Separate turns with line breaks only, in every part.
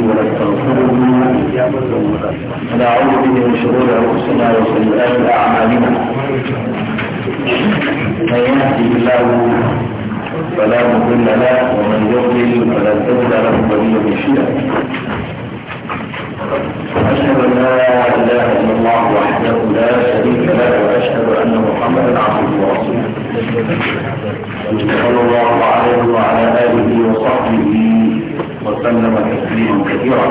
ونستغفره ونعوذ به من شرور انفسنا وسيئات اعمالنا من يهده الله فلا مضل له ومن يضلل فلا تجد له ولي مرشدا
أشهد أن لا إله إلا الله وحده لا شريك له وأشهد أن محمدا عبده ورسوله
صلى الله عليه وعلى آله وصحبه وسلم تسليما كثيرا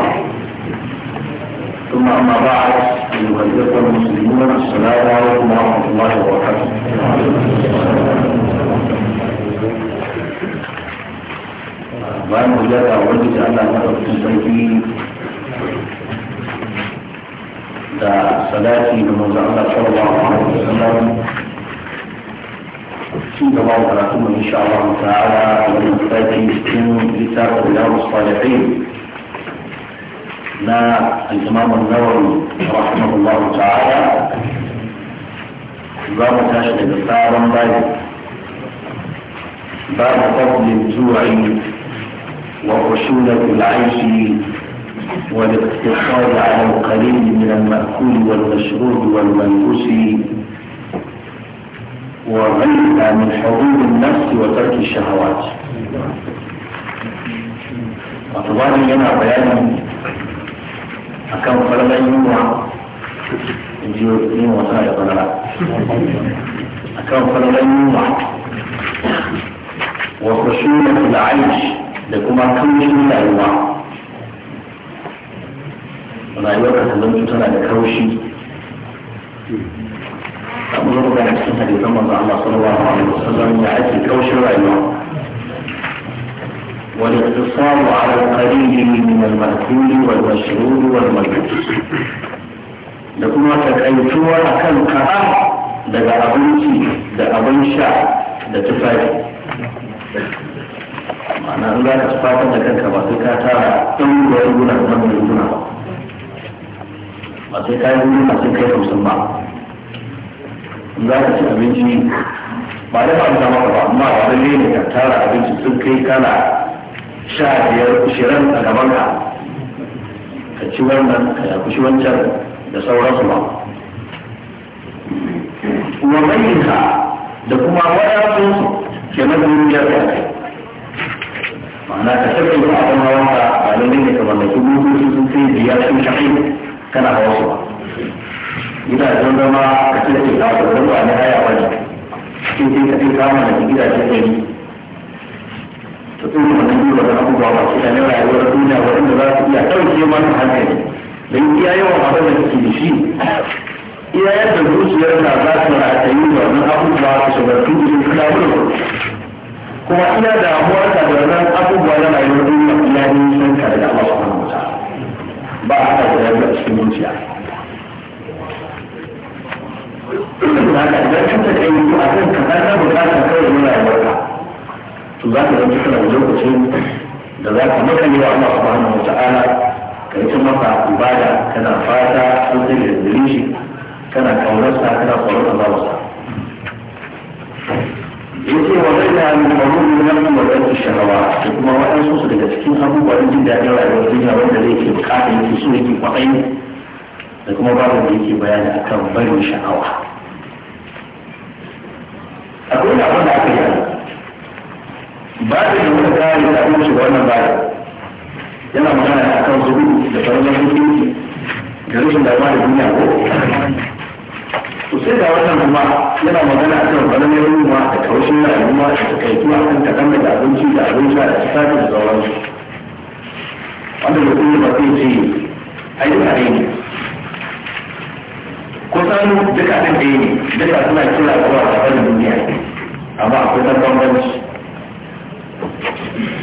ثم أما بعد أيها المسلمون السلام عليكم ورحمة الله وبركاته bayan hujjata wanda ta Allah madaukakin sarki da salati da manzo Allah sallallahu alaihi wasallam بسم سيما ولكم إن شاء الله تعالى ونفتاتي سن كتاب رياض الصالحين لا الإمام النووي رحمه الله تعالى باب تشهد الثار باب باب فضل الجوع وخشونة العيش والاقتصاد على القليل من المأكول والمشروب والملبوس وغيرها من حضور النفس وترك الشهوات وطبعاً لنا بيان أكام فلما ينوع يجيو ينوع سائر فلما أكام فلما ينوع وخشونة العيش لكما كوش من الأنواع rayuwar ka ta zanto tana da kaushi abu zama da cikin hadisan manzo Allah sallallahu alaihi wasallam da ake kaushin rayuwa والاقتصار على القليل من المأكول والمشروب والمجلس da kuma takaituwa a kan kaɗa daga abinci da abin sha da tufafi ma'ana in za ka tufafi da kanka ba sai ka tara ɗan ruwa ruguna da ɗan ruguna ba sai ka yi ruguna sai kai hamsin ba za ka ci abinci ba da ba ta maka ba amma ba lalle ne ka tara abinci sun kai kana sha biyar shirin a gaban ka ka ci wannan ka yaku shi wancan da sauransu ba
wa bayyana
da kuma wadansu ke mazaunin biyar da kai ma'ana ka sarki ba a kan hawan ka ba lalle ne ka mallaki bututu sun kai biyar sun kai kana hawa su ba gidajen zama a cikin da ke ba na haya ba cikin cikin sai kama da gidajen gari ta tun da nan yiwa da abubuwa ba shi da na rayuwar duniya waɗanda za su iya ɗauke mana hankali don iya yawan abin da suke da shi iya yadda zuciyar na za su na yi wa wannan abubuwa su shagartu da su laburu
kuma ina damuwa ta da wannan abubuwa na rayuwar duniya ina nisan ka da Allah ba a ta da cikin zuciya za ka idan ka ta kai mutu a kan ka ta bukatar kawai nuna ya barka to za ka zama kana da lokacin
da za ka maka ne wa Allah subhanahu wa ta'ala ka yi masa ibada kana fata an sai da zuri shi kana kaunarsa kana tsoron Allah wasa yake wa zai da mu faru ne nan mu da su sharawa da kuma waɗansu su daga cikin abubuwan jin daɗin rayuwar duniya wanda zai ke bukata yake so yake kwaɗayi da kuma babu da yake bayani kan barin sha'awa akwai da abin da aka yi ba da da wani tsari da abin shi wannan bayan yana magana a kan zubi da farkon hukunci da rashin ba da duniya ko sai da wannan kuma yana magana a kan ƙaramin yunwa da taushin rayuwa da takaitu a kan takan da abinci da abin sha da tufafi da sauransu wannan mutum ba zai ce ayyuka ne ko sanu duka ɗin ɗaya ne duka suna kira zuwa ga wani duniya amma akwai ɗan bambanci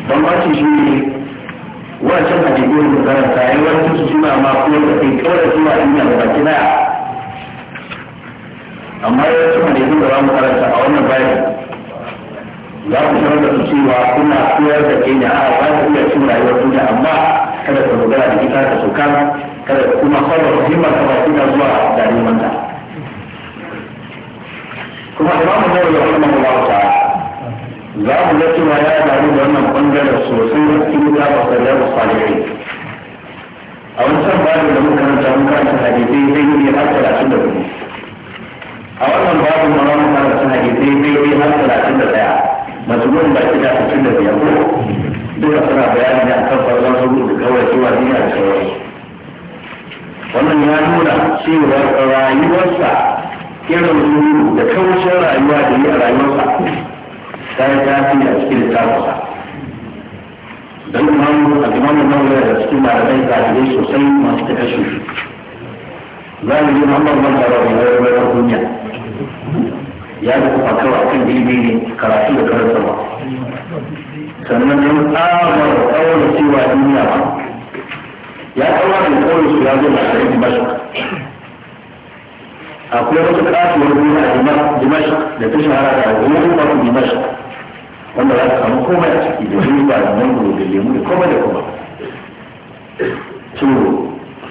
bambanci shi ne wancan hadiko da karanta yawancin su suna ma ko da kai kawai zuwa duniya da baki daya amma yawancin hadiko da zamu karanta a wannan bayan za ku sanar da su cewa kuna koyar da kai a ba ku iya cin rayuwar duniya amma kada ka dogara da ita ka soka kada kuma sarrafa himmar kafafuna zuwa ga neman ta kuma imamu nawawi rahimahullahu ta. za mu ga cewa ya damu da wannan bangaren sosai da cikin da ba sa da salihai a wancan babu da muka nan mun karanta hadisi zai yi har talatin da hudu a wannan babu ma mun karanta hadisi zai yi har talatin da daya mazmun ba shi da cikin da biyar ko duka suna bayani ne akan farkon sabu da kawai cewa dina da shawarci wannan ya nuna cewa rayuwarsa irin su da kawancin rayuwa da yi a rayuwarsa ta yi tafi a cikin littafinsa don imamu na wuri da cikin malamai zalibai sosai masu ta kashe yi muhammad ban da rawa ya rawa duniya
ya yi kuma a kan ilimi ne karatu da ba
sannan ya kawo da cewa duniya ba ya kawo da kawai su ya na garin dimashq akwai wata kasuwar gona a dimashq da ta shahara da gona ba dimashq wanda za ta samu komai a ciki da riba da mangoro da lemu da komai da komai to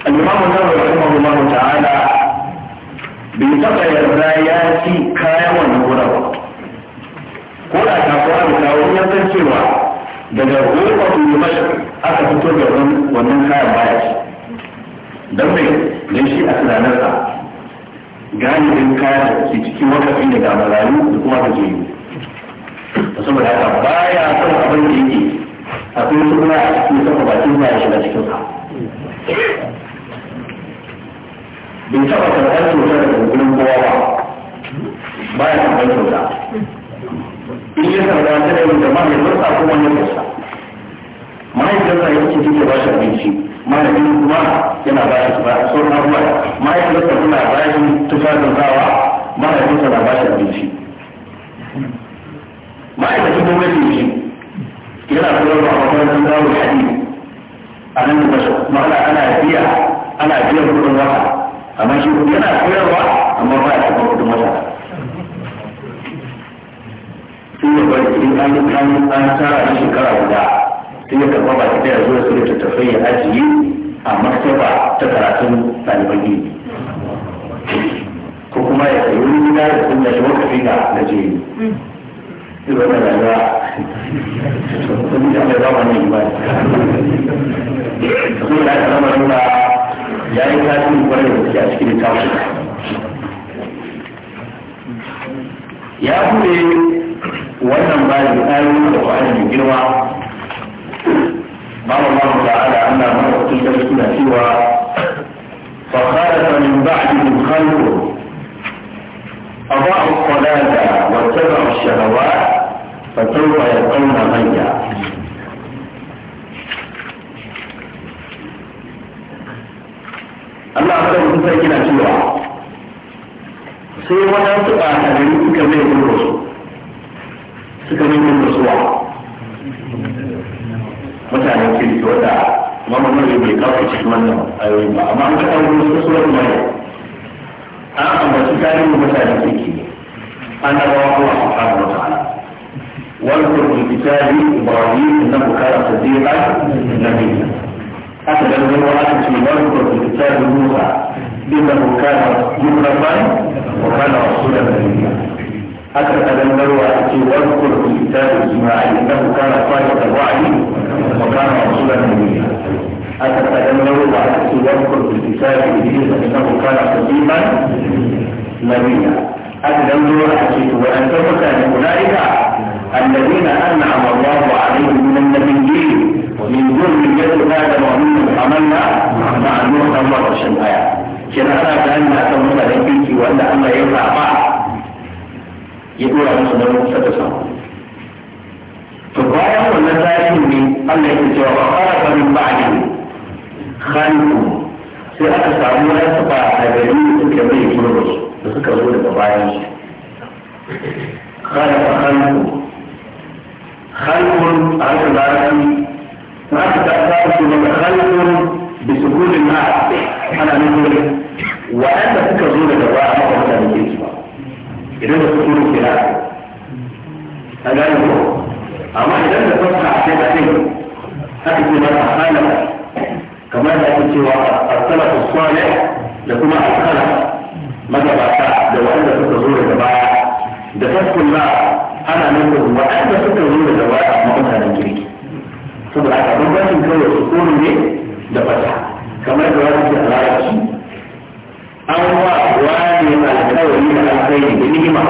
al-imam an-nawawi rahimahullahu ta'ala bai taɓa yarda ya ci kayan wannan gona ba ko da kasuwa da kawo ya cewa daga gona ba dimashq aka fito da wannan kayan baya ce don mai da shi a tunanarsa galibin kayan da ke cikin wakafi daga marayu da kuma da jini
saboda haka baya son abin
da yake akwai su kuma a cikin saka bakin baya shiga cikin sa bai taɓa karɓar cutar da gungunan kowa ba baya karɓar cuta in yi sarrafa ta da yin jama'a ya ko wani ya
ma'aikatarsa yanki ba shi abinci
kuma yana ba shi sauran abubuwa ba shi na ba shi abinci yana a makarantar zawo a nan da kuma ana ana biya ana amma yana koyarwa amma ba ya kudin wata bari an an tara da shekara guda sai ya karɓa baki ɗaya zuwa su littattafai ya ajiye a maktaba ta karatun ɗaliban ilimi ko kuma ya sayi wani gida da kuma shi wakafi ga gajeri zai zama rayuwa sun da mai zama ne ba su da aka zama nuna ya yi tasiri kwarai da gaske a cikin littafin
ya buɗe wannan bayan ayoyin da kwanan girma قال الله تعالى أن مرأة
تسكن سوى فخالف من بعدهم خلق أضاعوا الصلاة واتبعوا الشهوات فسوف يلقون غيا Allah ta yi sarki na cewa sai wani su ba ta gari suka mai gudu suka mai gudu suwa mutanen kirki wanda mamman mai bai kawo cikin wannan ayoyi ba amma an kaɗa wani wasu surar mai an ambaci tarihin mutanen ke ne an da rawa kuma a fara wata ala واذكر في الكتاب ابراهيم انه كان صديقا نبيا حتى لو لم يكن في واذكر في الكتاب موسى انه كان مخلصا وكان رسولا نبيا حتى ألم نروى أتي واذكر في كتاب إسماعيل إنه كان صادق الوعد وكان رسولا نبيا حتى ألم نروى أتي واذكر في كتاب إدريس إنه كان خطيبا نبيا حتى لم نروى أتي وأن كان أولئك الذين أنعم الله عليهم من النبيين ومن ذرية آدم ومن حملنا مع نوح الله وشمعيا كنا أنا كأن أتمنى لكيك وأن أما يفعل ya dora masa da kusa da sa to bayan wannan tarihin ne Allah ya ce wa khalaqa min ba'di khalqu sai aka samu wasu ba a gari suka mai gurbin da suka zo daga bayan shi خلق خلقه
خلق على العالم
ما تتأثرش من خلق بسكون الماء أنا نقول وأنا تكذول الرواية وأنا نقول idan da kuɗi ke da ta gani ko amma idan da fasa a kai da kai haka ke ba a hana kamar da ake cewa a salafu salih da kuma a salaf magabata da wanda suka zo daga baya da taskulla ana nufin waɗanda suka zo daga baya amma mutanen kirki saboda haka bambancin kawai su ne da fata kamar da wani ke alaƙa an wa wani alkawari da alkhairi da ni'ima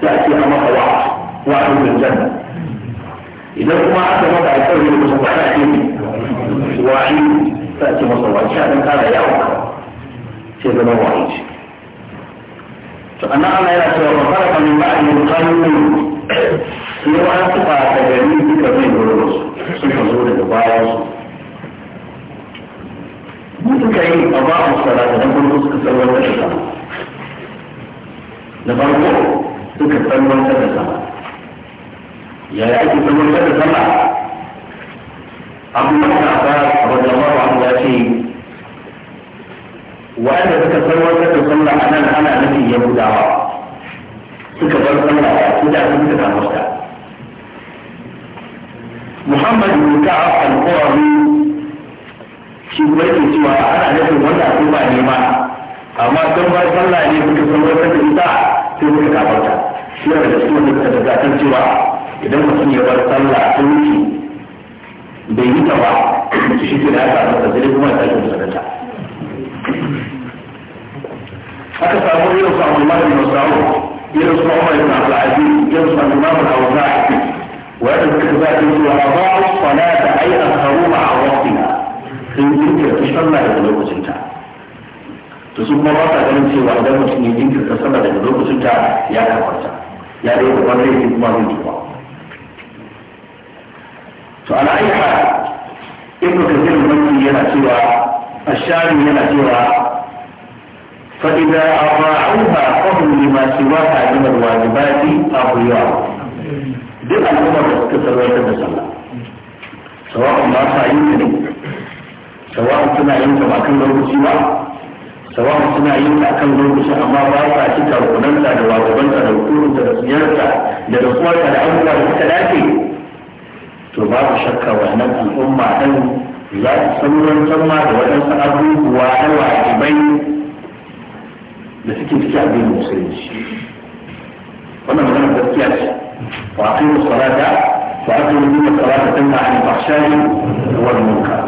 sai a ce a maka wa wa a dukkan janna idan kuma aka maka alkawari da kusa kwana ce ne wa'i sai a ce masa wa sha dan kara yawo sai zama yi ce to annan ana yana cewa ba fara kan ba'in qanun sai wani suka ta gani duka zai gurin su suka zo daga bayan su suka yi a ba mu salata
da farko suka salwantar da sama da farko suka salwantar da sama
yaya ake salwantar da sama abu da ba a wajen mawa abu ya ce wa'anda suka salwantar da sama a nan ana nufin yahudawa suka bar sallah ya su da suka samu ta محمد بن كعب القرظي shi kuma yake cewa ana nufin wanda ko ba nema amma don ba sallah ne suka san wata da ita sai suka kafarta shi yana da cikin wanda da zakan cewa idan mutum ya bar sallah ta wuce bai yi ta ba shi ke da aka masa sai kuma ya sake musulunta
aka samu irin su abu mara bin samu irin su umar na abdul aziz irin su abu mara al-awza'i wa yadda suka zaɓi cewa ba su salata ai asharu a waqtina
sun jinkirta sallah daga lokacinta to su kuma ba sa ganin cewa idan mutum ya jinkirta sallah daga lokacinta ya kafarta ya dai babban laifin kuma zai tuba to ala ayi hal
ibnu kathir maki yana cewa ashari yana cewa fa idza afa'uha fahum lima siwaha min alwajibati aqiya duk al'ummar da suka sarwaita da sallah sawa'un ba sa yin
ne سواء كنا ينتم أكل لوكسي ما سواء كنا ينتم أكل لوكسي أما رأيك أتك رقنانتا لواجبانتا لوكورنتا لسيارتا لرسوالتا لأمتا لكتلاتي تبعض شكا وهنا الأمة أن لا تسمر انتما وأن سأبوك وأن وعجبين لسكي تكي أبين مسلمش وانا مدام بسياش وأقيم الصلاة وأقيم الصلاة تنمى عن الفحشاء والمنكر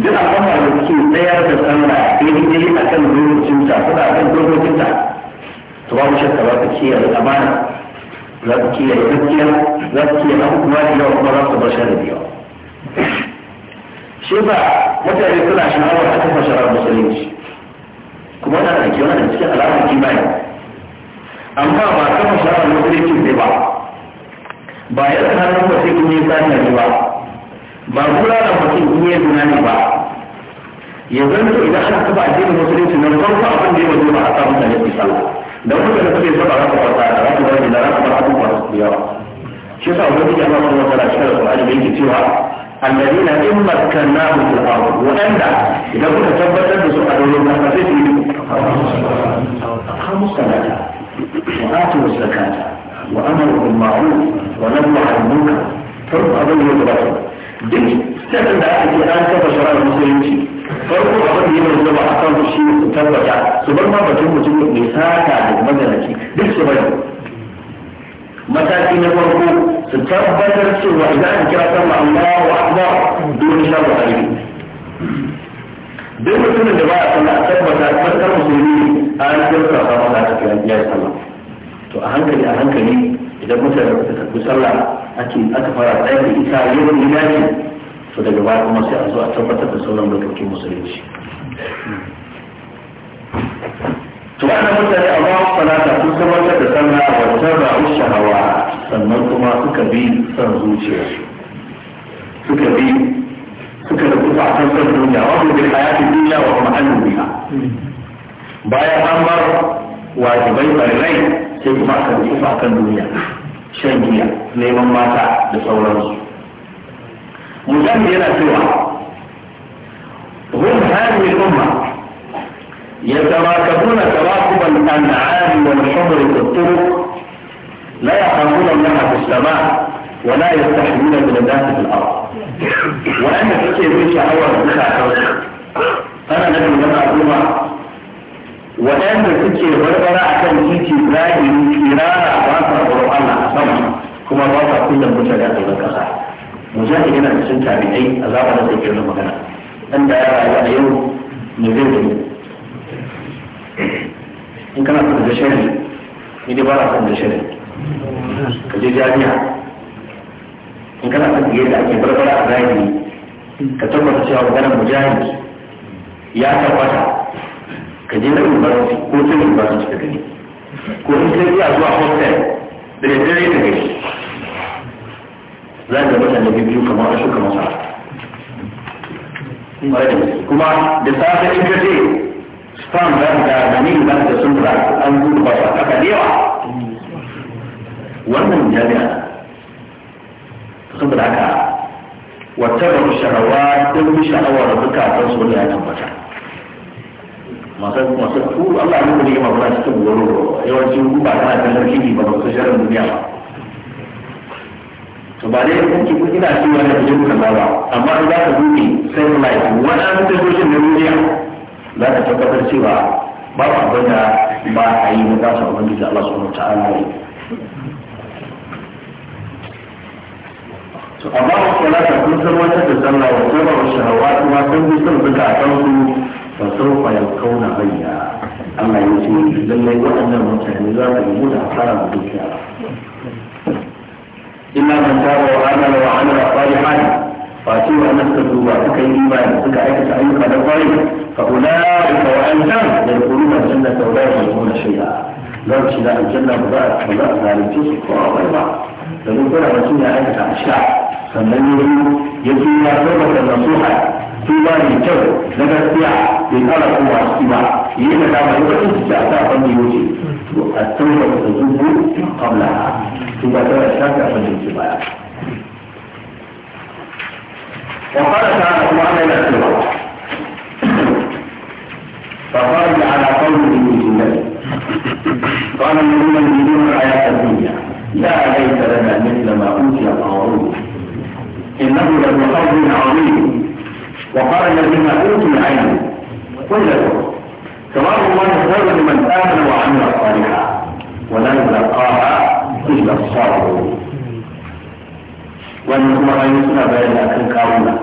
duk al'amma da ke tsayar da sallah daidai a kan lokacin sa kuma a kan lokacin sa to babu shakka ba ka da amana za ka kiyaye gaskiya za ka kiyaye abubuwa da yawa kuma za su bar shari da yawa shi ba mutane suna sha'awar a kafa sharar musulunci kuma na da kyau da cikin alamar kimanin amma ba kafa shara musulunci ne ba ba yadda hannun ba sai kun yi ne ba ba kula da mutum in ya zina ne ba ya zanto idan aka taba addinin musulunci na farko abin da ya wajen ba a sa mutane su sallah da kuma da suke saba za su farka za su zama da za su bar abubuwa su yawa shi yasa ba Allah subhanahu wa ta'ala cikin alƙur'ani yake cewa الذين إن مكناهم في الأرض وأن إذا كنت ثبت بسوء أدولهم أخذت أقاموا الصلاة وآتوا الزكاة وأمروا بالمعروف ونهوا عن المنكر فرد أبوه يتبطل duk sannan da ake an kafa shari'ar musulunci farko a da ya mai zama a kan shi su tabbata su bar ma batun mutum mai sata da mazalaci duk su bari mataki na farko su tabbatar cewa idan an kira sallah Allahu akbar dole shan buhari duk mutumin da ba a a tabbata farkar musulmi an kirkasa masa cikin ya sallah to a hankali a hankali idan mutane suka tafi sallah ake aka fara tsayar da ita yau ne dace to daga baya kuma sai a zo a tabbatar da sauran dokokin musulunci
to ana mutane a bawa salata sun tabbatar da sallah wa tabba'u shahawa sannan kuma suka bi son
zuciya suka bi suka da kusa kan son duniya wa bi hayatin duniya wa kuma an bayan an bar wajibai rai, sai kuma aka kufa kan duniya shan giya neman mata da sauransu mujahid yana cewa hum hadhihi al-umma
يتراكبون تراكب الأنعام والحمر في الطرق
لا يخافون الله في السماء ولا يستحملون من الناس في الأرض وأنا فكر في شعور الزكاة أنا نجم لما أقول
waɗanda suke barbara a kan
titi zahiri kirara ba sa tsoron Allah a sama kuma ba sa kullum mutane a tsoron ƙasa mujahid yana da sun tabi'ai a zamanin da ke magana dan da ya rayu a yau ne zai zama in kana son da shari ni dai ba na son da shari ka je jami'a
in kana son da yadda ake barbara a zahiri
ka tabbata cewa maganar mujahid ya tabbata ka je na university ko ta university ka gani ko in ka iya zuwa hostel da daddare ka gani za ka mutane biyu kamar a shuka masa kuma da safe in ka ce spam za ka ga da nil za ka sun an gudu ba su aka da yawa wannan jami'a saboda haka wata da sharawa don sha'awar bukatar su wanda ya tabbata masu masu ku Allah ya muku ma ba cikin goro yawanci ku ba kana kallon kiki ba ba su sharar duniya ba to ba dai kun ki ina cewa na bijin ku ba amma in za ka dubi sai life wadannan tashoshin na duniya za ka tabbatar cewa ba ku bada ba a yi na gasa da Allah subhanahu ta'ala ne
to amma wasu salata kun san wata da sallah wa tsoron shahawa kuma sun bi sun bi ta
kansu fa ya kauna hayya Allah ya ce lallai waɗannan mutane za su yi da fara mu dukiya illa man taba wa amala wa amala salihan fa ce wa nan ka duba suka yi imani suka aikata ayyuka da kwarai fa ulaika wa antum yadkhuluna da wa la yuzlamuna shay'a za su shiga aljanna ba za a zalunce su ko a wani ba domin kuna mutum ya aikata a sha sannan ya zo ya zo da nasuha kowa ne kyau na gaskiya bai kara kowa ciki ba yi da dama yi wata ciki a sa fanni wuce to a tsaura da zubu kamla to ba ta rasha ta fanni wuce baya. وقال تعالى سبحانه وتعالى فخرج على قومه من جنته قال الذين يريدون الحياة الدنيا يا ليت لنا مثل ما أوتي قارون إنه لذو حظ عظيم وقال الذين أوتوا العلم ويلكم ثواب الله خير لمن آمن وعمل صالحا ولن يلقاها إلا الصابرون وأنتم رأيتم بين أهل كرمة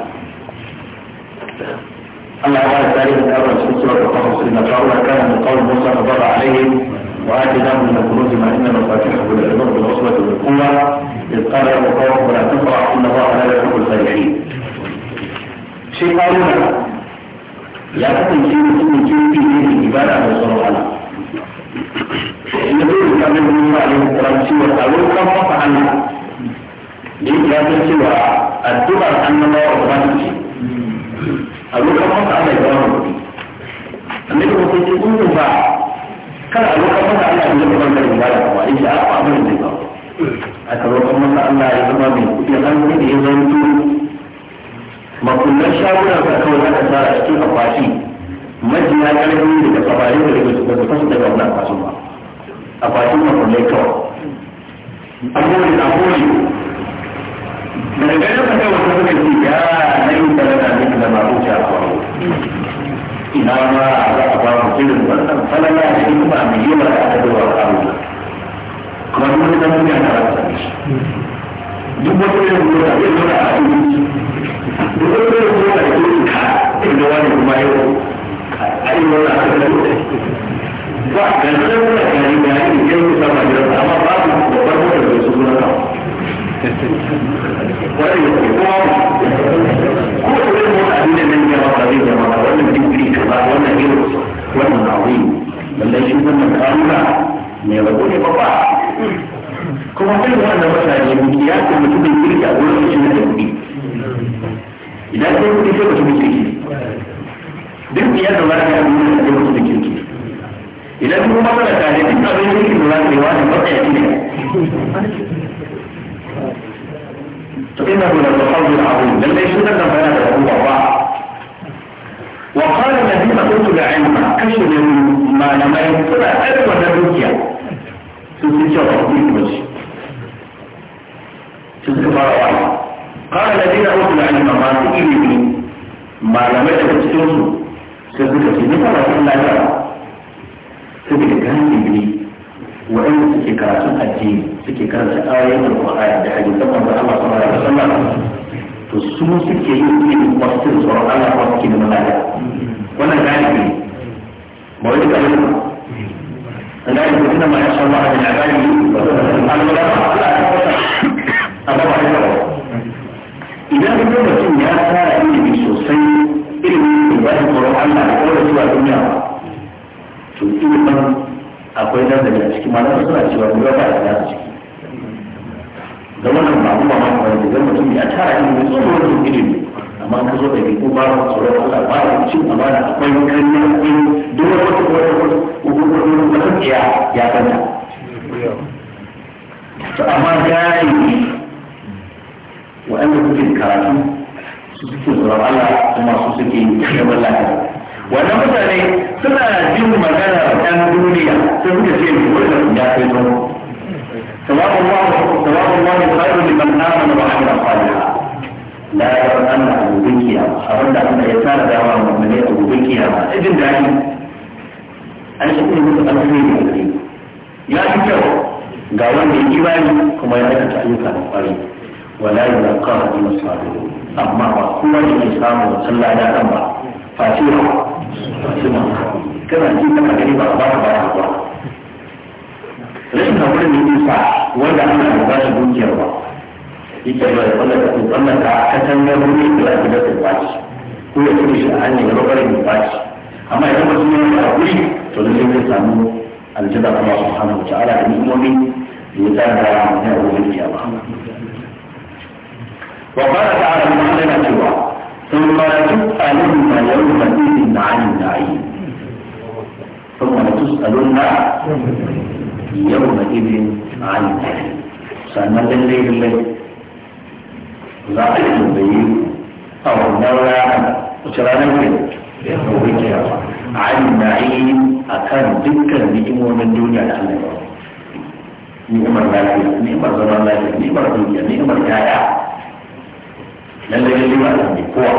اما بعد ذلك الأمر في سورة القصص إن فرعون كان من قول موسى فضل عليهم وآتي لهم من الكنوز ما إن مفاتيحه للعلم بالعصبة والقوة إذ قال يا قوم ولا تفرح إن الله لا يحب الفرحين sai haruna ya kasance mutumin kirki ne da ibada da tsoron Allah inda zai rubuta da wani ra'ayin kuran cewa a roƙon fafa Allah da ya san cewa addu'ar annabawa ba ta ce a roƙon fafa Allah ya zama mutum annabi ko sai in mun ba a roƙon fafa Allah ya zama kan ibada ba in sha Allah abin da ba a roƙon masa Allah ya zama mai kuɗi an da ya zama makullan shagunan ka kawai za ka tara cikin akwati majiya ƙarfi daga sabari da daga su daga fasu daga wannan akwatin ba akwatin makullai kawai abubuwan da abubuwan daga ganin ka kai wata suka ce ya na yi da rana ne da masu ci akwai ina ma za a ba mu kirin wannan falala da hikima mai yawa da aka dawa a kuma duk da zan yi a tara da di bɔ tɔ ye mun na bɛ tɔ la a bɛ wuli di bɔ tɔ ye mun na bɛ wuli ka e ni wa ni kuma ye o a yi wɔ la a bɛ wuli dɛ wa kɛlɛ mun na kɛlɛ mun na a yi ni kɛlɛ mun na ma yɛrɛ a ma ba kun o ba kun yɛrɛ bɛ sugu la kan
wa yi o kɛ kɔn ko o bɛ mun na a bɛ ne ne ni ɲɛma ka ne ɲɛma ka wa ne bi
wuli ka ba wa ne bi wuli wa ne ma wuli wa ne yi ne ma kaa wula ne yɛrɛ ko ne ba ba. kuma irin wannan mutane ne ya ce mutumin kirki a gurin shi da kuɗi idan sai kuɗi sai mutumin kirki duk biyar da zaka yi gurin da mutumin kirki idan kuma matsala ta ne duk abin kirki da zaka yi wani matsayi ne فإنه لتحول العظيم لما يشهد أن بلد هو الله
وقال الذين قلت العلم كشف ما لم يكن أدوى نبيا
sun sun cewa ba kuma ba sun suka fara wani kawai da dina wasu da alima masu ilimi malamai daga cikin su sun suka na duka masu lafiya suke da galibi waɗanda suke karatun addini suke karanta ayoyin alƙur'ani da hadisan manzon Allah sallallahu da wasallam to su suke yin ilimin kwastin tsoron ala ko suke da malaka wannan galibi ba wani galibi ba
ذلك انما يخشى الله من عباده الملائكه لا أبو
idan ya fara ilimi sosai ilimin da ya tsoron Allah da kawai zuwa duniya to ilimin akwai nan ciki malam suna ciki
da wannan ba ya tara ilimi tsoron ilimi amma ka zo da riko ba ka tsoron Allah ba da cin amana akwai kalli akwai duk wata wata wata hukumar wata ya ya kanta
to amma galibi wa'anda kuke karatu su suke tsoron Allah kuma su suke yaban lafiya wannan mutane suna jin magana ɗan duniya sai suka ce wannan ya kai zo سواء الله سواء الله خير لمن آمن وعمل صالحا la yaran Allah a gobe kiyama abin da Allah ya tsara dawa wa mummune a gobe kiyama a jin daɗi an shi kuma musu alheri a gare ya fi kyau ga wanda ya imani kuma ya aikata ayyuka da kwari wala yi da kawo da masu amma ba kowa ne ke samun wasan lada kan ba fasiwa fasiwa kana ji kana gani ba ba ka ba ba
rashin hakurin ne sa wanda ana da ba shi dukiyar ba
shi ke mai wannan kasu wannan ka katangar wuri da ya gida ta kwaci ko ya kuma shi a hanyar gaba barin ya kwaci amma idan mutum ya yi hakuri to da sai zai samu aljanna Allah subhanahu wa ta'ala da ni'imomi da ya tsara da ya rubuta kiyama wa qala ta'ala mun hana cewa ثم لتسألن يومئذ عن النعيم ثم لتسألن يومئذ عن النعيم sannan lallai lallai za a yi tambayi a wannan rana wace ranar ne ya kawai kiyama a yi na yi a kan dukkan ni'imomin duniya da Allah ya Ni ni'imar lafiya ni'imar zaman lafiya ni'imar dukiya ni'imar yaya lallai lallai ba a ne kowa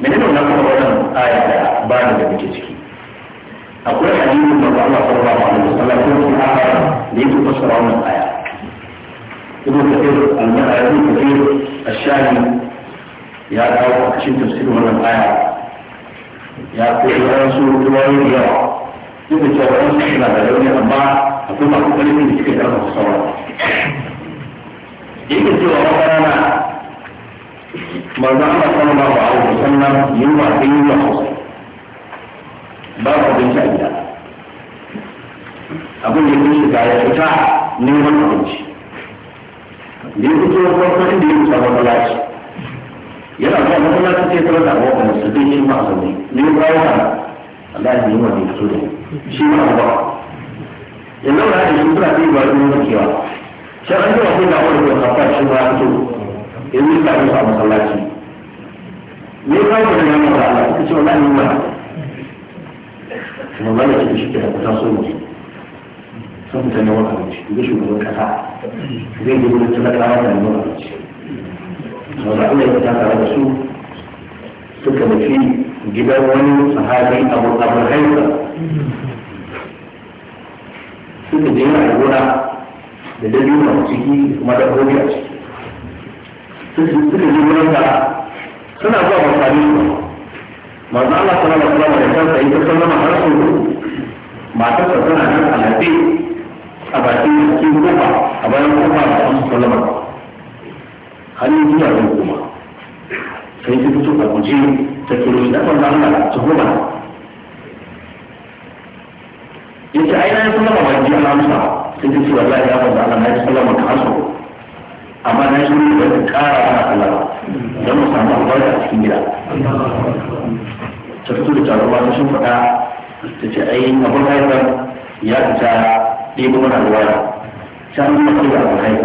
mene ne wannan kuma wannan aya da ba da muke ciki akwai hadisin da Allah sallallahu alaihi wasallam ko kuma da yake fassara wannan aya ibn kafir al mara ibn kafir ash-shari ya kawo a cikin tafsir wannan aya ya kawo wannan suru da wani da duk da cewa wannan shi na da rauni amma akwai masu kalmomi da suke da su sawa duk da cewa wannan rana manzo Allah sallallahu alaihi wasallam yuma da yuma ba ku bin sha'ida abin da ya shiga ya fita neman abinci da ya fito farko inda ya kusa matsalaci yana zuwa matsalaci sai tarar da abubuwan da su dai shi ma zaune ne ya kawo ta Allah ya yi wa bai fito da shi ma a yanzu wani hajji shi suna yi ba da nuna kewa shi an yi wa sai da wani da shi ma ya fito ya kawo ta matsalaci ne ya kawo ta da yana Allah ita ce wani ne ma kuma ba shi ke da kusa so mutum sun fita na abinci da shugaban kasa zai yi wurin talakawa da wani abinci wanda Allah ya ta da su suka nufi gidan wani sahabi abu abu haifa suka je yana gona da dabino a ciki da kuma dabbobi a ciki suka je wurin da suna zuwa amfani manzo Allah sallallahu alaihi wasallam da kansa yake har su matar sa tana nan a lafiya a bakin cikin kofa a bayan kofa ba an sallama ba har yi zuwa zai koma sai ta fito a guje ta kiro shi da kan Allah ta koma yace ai na sallama ba ji an amsa sai ta ce wallahi ya ban Allah na sallama ka aso amma na shi ne da kara ana sallama dan mu samu albarka a cikin gida ta fito da taruwa ta shimfiɗa ta ce ai abin haifar ya fita ɗebo da ruwaya can kuma sai da abokai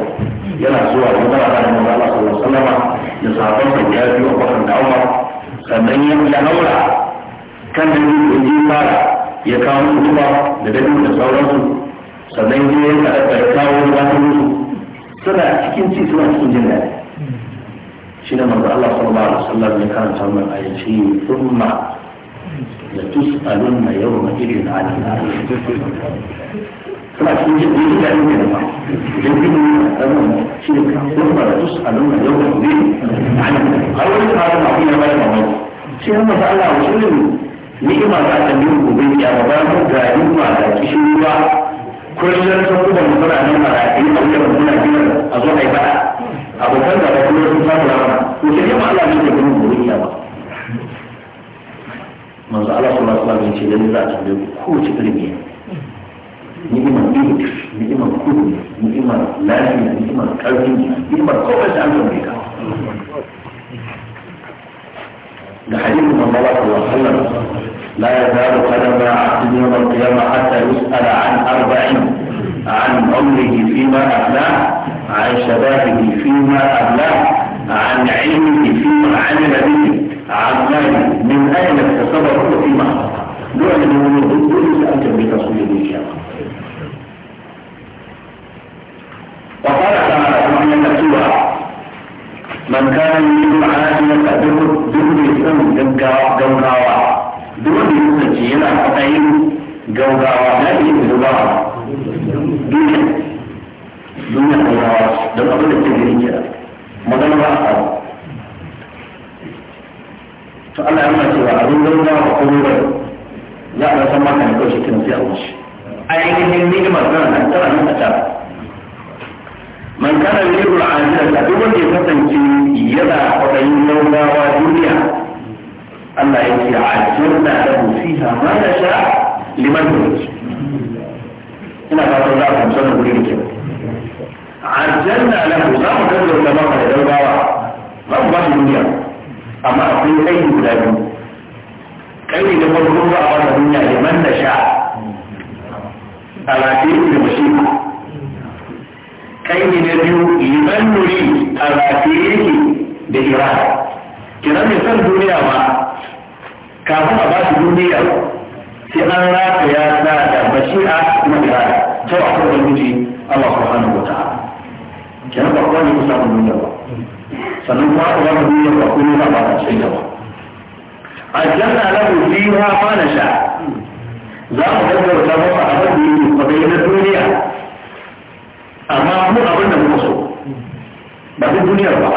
yana zuwa ya zama da manzo Allah sallallahu alaihi wasallam da sahabban da ya biyo Abubakar da Umar sannan ya ya haura kan da yake fara ya kawo su da dabino da sauransu sannan ya yi da ya kawo ruwa musu suna cikin ci suna cikin jin daɗi shi ne manzo Allah sallallahu alaihi wasallam ya karanta wannan ayaci thumma la tus'alunna yawma idin 'anil suna cikin jin jin da ba idan kin yi abin shi ne kan ko da su a nan yau da ne a wani tsara ma kuma ba da mamaki sai amma da Allah wa sallin ni'ima za ta yi gobe ya ba mu ga ni'ima da kishin ruwa kullum sun kuma mu fara nan a rafi a wajen muna gina a zo ai bada abokan da ba kuma sun fara rana to sai amma Allah ne ke gurin gobe ya ba manzo Allah sallallahu alaihi wasallam ya ce lalle za ta yi ko ci ilimi ni'imar ilimi ni'imar kudu ni'imar lafiya ni'imar karfi ni'imar kowai da an zama ka
da hadisin manzala sallallahu alaihi wasallam لا يزال قدم عبد يوم القيامة حتى يسأل عن أربعين عن عمره فيما أبلاه عن شبابه فيما أبلاه عن علمه فيما عمل به عن ماله من أين اكتسبه
فيما أخطأ دون أن يكون ضد أن تبقى صلى الله عليه وسلم وقال تعالى سبحانه وتعالى من كان يريد عاجلة سن يسلم جوغاوة دون سن جيلا حتين جوغاوة لا يريد جوغاوة دون دون جوغاوة دون أقول التجريجة مدن رأسه فألا أما سوى أبين جوغاوة قلوبا لا أنا سمعت أن كل شكرا في أوش أي من نجمة كانت ترى من أتابع man kana yuridu al-ajila duk wanda ya kasance yana kwaɗayin yawmawa duniya Allah ya ce ajirna lahu fiha ma nasha liman yurid ina fatan za ku sanar guri da kyau ajirna lahu za mu kan da maka da yawmawa za mu ba shi duniya amma akwai kai guda biyu kai da farko ba a wannan duniya liman nasha alaƙi da mashi'a kaini na biyu liman nuri a rafiyeki da iran kiran mai son duniya ma kafin a ba su duniya sai an ya ta da bashi'a kuma irada ta wa kuma guji Allah subhanahu hannu ta'ala kenan ba kowa ne kusa mu duniya ba sannan kuma ba zama duniya ba kuma ba ba ta cikin ba aljanna lahu fiha ma sha za mu gaggauta a abin da yake kwaɗayi na duniya amma mu abin da muka so ba duk duniyar ba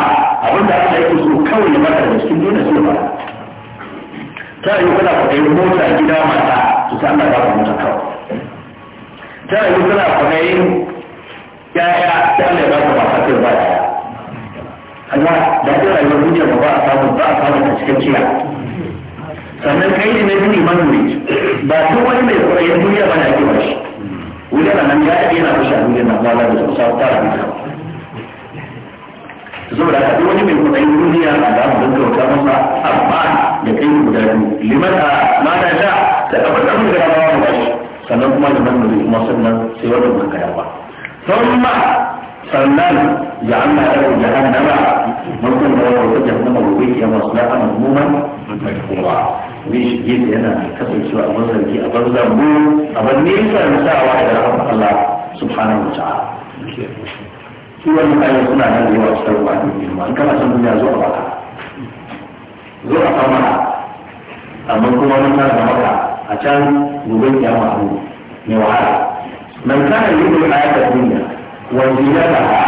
abin da yi ku so kawai ya mata da cikin duniya so ba ta yi kana kwaɗayin mota gida mata su san da ba ku mota kawai ta yi kana kwaɗayin yaya ta ne ba ku mata kai ba ya Allah da ta rayuwar duniya ba a samu ba a samu ta cikin ciya
sannan kai ne na biyu imanin ba duk wani mai kwaɗayin duniya ba na ake ba shi wurin nan ya ɗaya yana kusa wurin nan kwana da su sau tara bisa
saboda haka duk wani mai kuɗin duniya a da mu dinka wata masa amma da kai guda biyu liman a mana da da kafar da mun ga rawa mu sannan kuma da liman mu kuma sannan sai wanda mun ga rawa thumma sannan ya ja'alna da jahannama mun kun da wata jahannama wa bihi ya masla an muman madhkura zai shige ta yana kasancewa a manzanci a banza mu a ban nesa na sa'awa da rahama Allah subhanahu wa ta'ala su wani kayan suna nan da yawa cikin ruwa ne girma in kana son duniya zo a baka zo a kama amma kuma wani kan da maka a can gobe kiyama a mai wahala من كان يريد الحياة الدنيا وزينتها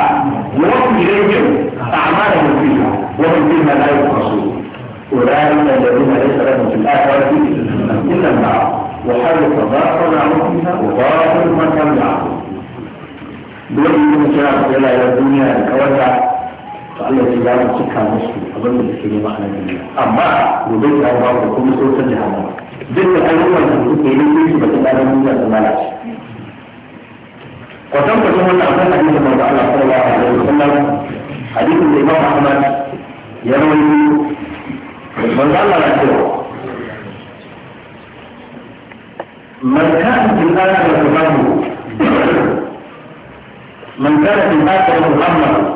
يوفي إليهم أعمالهم wani وهم فيها لا يبخسون أولئك الذين ليس لهم في الآخرة إلا النار وحي الصدار فمعهم فيها وباطل من كان يعبد بلغي من شاء الله إلى الدنيا الكوزع فألا تجاوز سكة مسلم أظن الكلمة على الدنيا أما يبيت الله بكم سوى سجها الله ذكر أيضا أن تكون إليه بسبة الآن من جهة الملاج
وتم تسمى الأعمال حديث من الله صلى الله عليه وسلم حديث الإمام أحمد يروي
من ظل مكتوب من كانت الآخرة همه من كانت الآخرة همه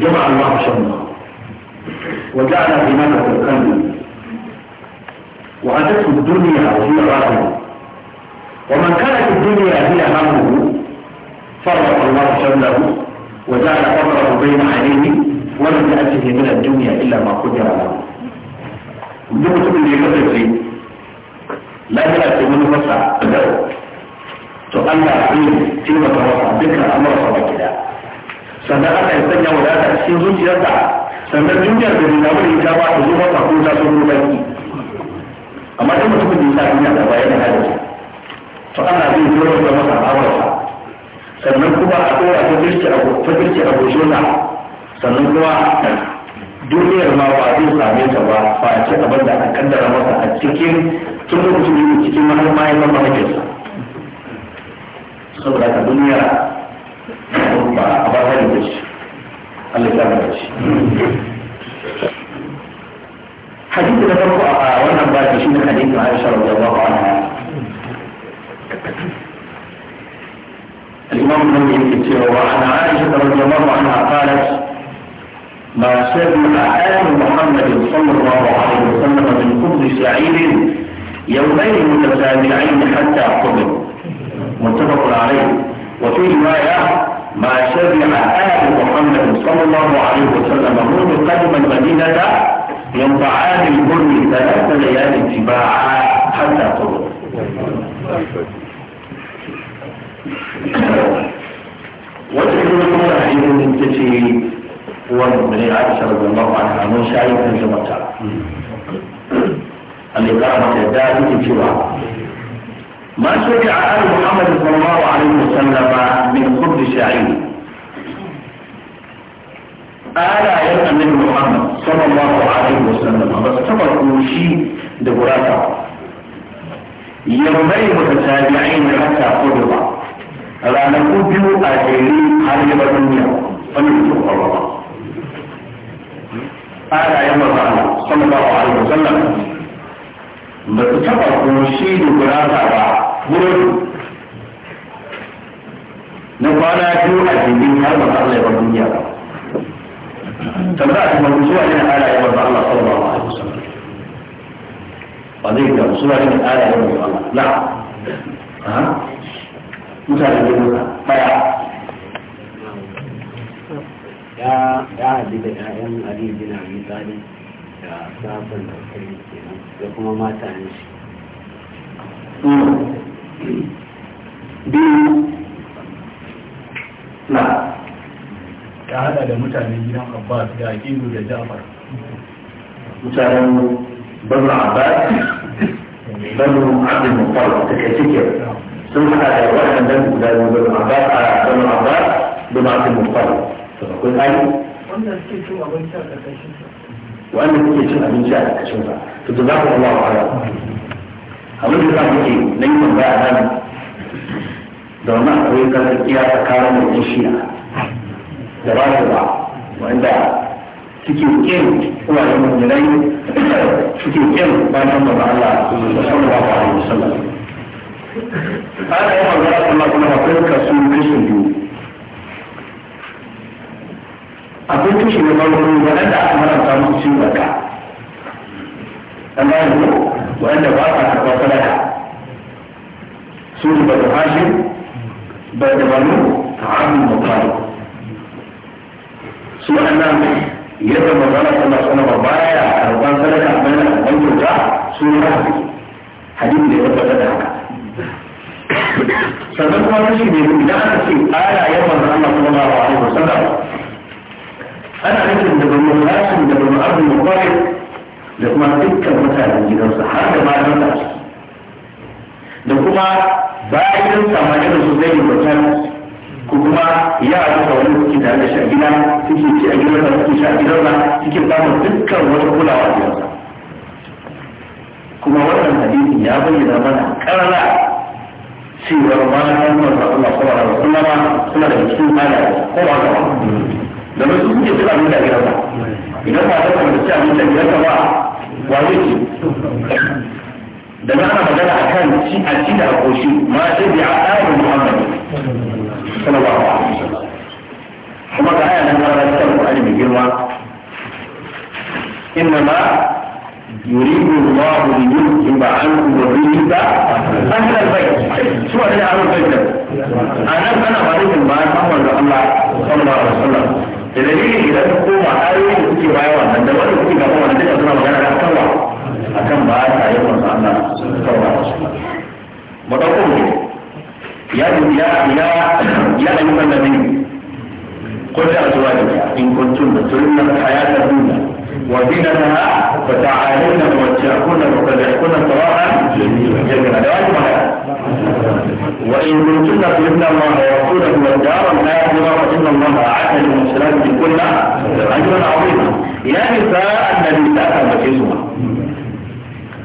جمع الله شمه وجعل إمامه الكمل وأتته الدنيا وهي راغبة ومن كانت الدنيا هي همه فرق الله شمله وجعل فقره بين عينيه wannan da ake ne mana duniya illa ma ko jara duk mutumin da ya kasance lafiya ce mun masa to Allah ya yi zai taimaka masa dukkan amurka ba gida sannan Allah ya sanya wadata cikin zuciyarsa sannan duniyar da duniya wani ta ba ta zo masa ko ta sun baki amma duk mutumin da ya sa duniya da bayan hada to Allah zai taimaka masa amurka sannan kuma a tsora ta birki a gojona sannan kuma duniyar ma ba zai same ta ba face abin da aka kaddara masa a cikin tun lokacin da yake cikin mahar mahaifin ya san mahaifinsa saboda ka duniya ba a ba hari da shi Allah ya gaba shi hadisi na farko a wannan baki shi ne hadisin Aisha radiyallahu anha الإمام النووي في السيرة وعن عائشة رضي الله عنها قالت ما شبع آل محمد صلى الله عليه وسلم من خبز شعير يومين متتابعين حتى قبل متفق عليه وفي رواية ما شبع آل محمد صلى الله عليه وسلم منذ قدم المدينة ينفعان البر ثلاث ليال اتباعا حتى قبل وتكون الله حين تجري هو بني عائشة رضي الله عنها من شايف من جمعتها اللي قامت في سوى ما شجع آل محمد صلى الله عليه وسلم من خبز شعير آل من محمد صلى الله عليه وسلم بس تبقى شيء دبراتا يومين متتابعين حتى قرب على نقول بيو أجيري حالي بدنيا فنجد الله halayen maza sallallahu alaihi wasallam ba su taba koshi da gurasa ba wurin
na kwana biyu a jirgin har maza Allah ya bar duniya ba
tambaya ta mabu zuwa yin halayen maza Allah sallallahu alaihi wasallam
ba zai ga zuwa yin halayen maza Allah
na mutane ne ya haɗu da 'ya'yan aliyu bin abi talib da sabon da kai kenan da kuma matan shi biyu na ta haɗa da mutanen gidan abbas da aƙilu da jafar mutanen banu abbas banu abin mutar da ke cikin sun hada da waɗannan guda banu abbas a banu abbas da mafi mutar to akwai hali wanda suke cin abinci a ƙarƙashin sa wanda to da za ku Allah wa ala
abin da za mu yi na yi tambaya
a nan da wani akwai gaskiya tsakanin da shiya da ba da ba wanda suke kin kuma da mummunai suke kin bayan da Allah sallallahu alaihi wasallam ana yi magana kuma kuma akwai kasu kashin biyu akwai tushe na farko waɗanda aka maranta musu cin barka. an gane ko waɗanda ba sa karɓar sadaka su ne bada hashin bada banu ta'amun mutane su waɗannan yadda magana sallah sallama baya a karɓar sadaka bayan karɓar kyauta su ne rahabi hadin da ya tabbatar da haka sannan kuma rashin ne idan aka ce aya ya manzo Allah sallallahu alaihi wasallam ana nufin da bani hasim da bani abu mubarak da kuma dukkan mutanen gidansa har da matan da da kuma bayan samanin da su zai yi mutan ko kuma ya da wani suke tare da shi gida suke ci a gidansa suke sha a gidansa suke ba mu dukkan wata kulawa a gidansa kuma wannan hadisi ya bayyana mana karara cewa matan manzo Allah sallallahu alaihi wasallam suna da cikin halaye ko ba domin su kuke cin abin da gidan ba idan ba ta kuma cin abin da gidan ba wa yake
da na ana magana a kan ci a ci da koshi ma ce bi a tsarin muhammadu sallallahu alaihi wasallam
kuma ga aya nan fara cikin alƙur'ani mai girma innama يريد الله ليذهب عنكم الرجس أهل البيت شو أنا أهل البيت أنا أنا بعدين ما أمر الله صلى الله عليه وسلم da dalilin idan ka koma ayoyin da suke baya wannan da wanda suke gaba wannan duka suna magana da kanwa akan ba ta yi wasu Allah Ba mu kuma mu ya ya ya ya ayyukan nabi قل أزواجك إن كنتن تردن الحياة الدنيا وزينتها فتعالينا ووجهكن وفرحكن صراحة جميلة وإن كنتم تردن الله ورسوله والدار الآخرة فإن الله أعد من كل أجرا عظيما يا نساء النبي سأل بكيسما